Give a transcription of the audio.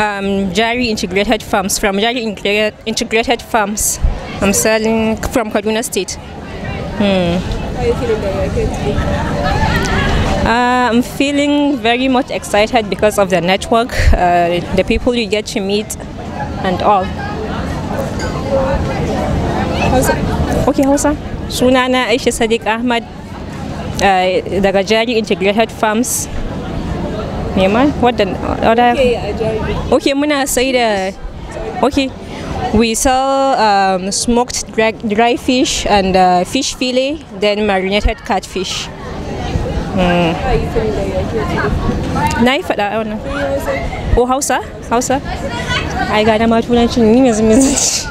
um, Jari Integrated Farms, from Jari Integrated Farms. I'm selling from Kaduna State. Hmm. Uh, I'm feeling very much excited because of the network, uh, the people you get to meet, and all. Hausa. Okay, Hausa. Sunana Aisha Sadiq Ahmad uh, Jari Integrated Farms. Neman? What the other? Okay, gonna say the Okay. We sell um, smoked dry, fish and uh, fish fillet, then marinated catfish. Mm. Oh, how's that? How's that? dama turancin ni yanzu mai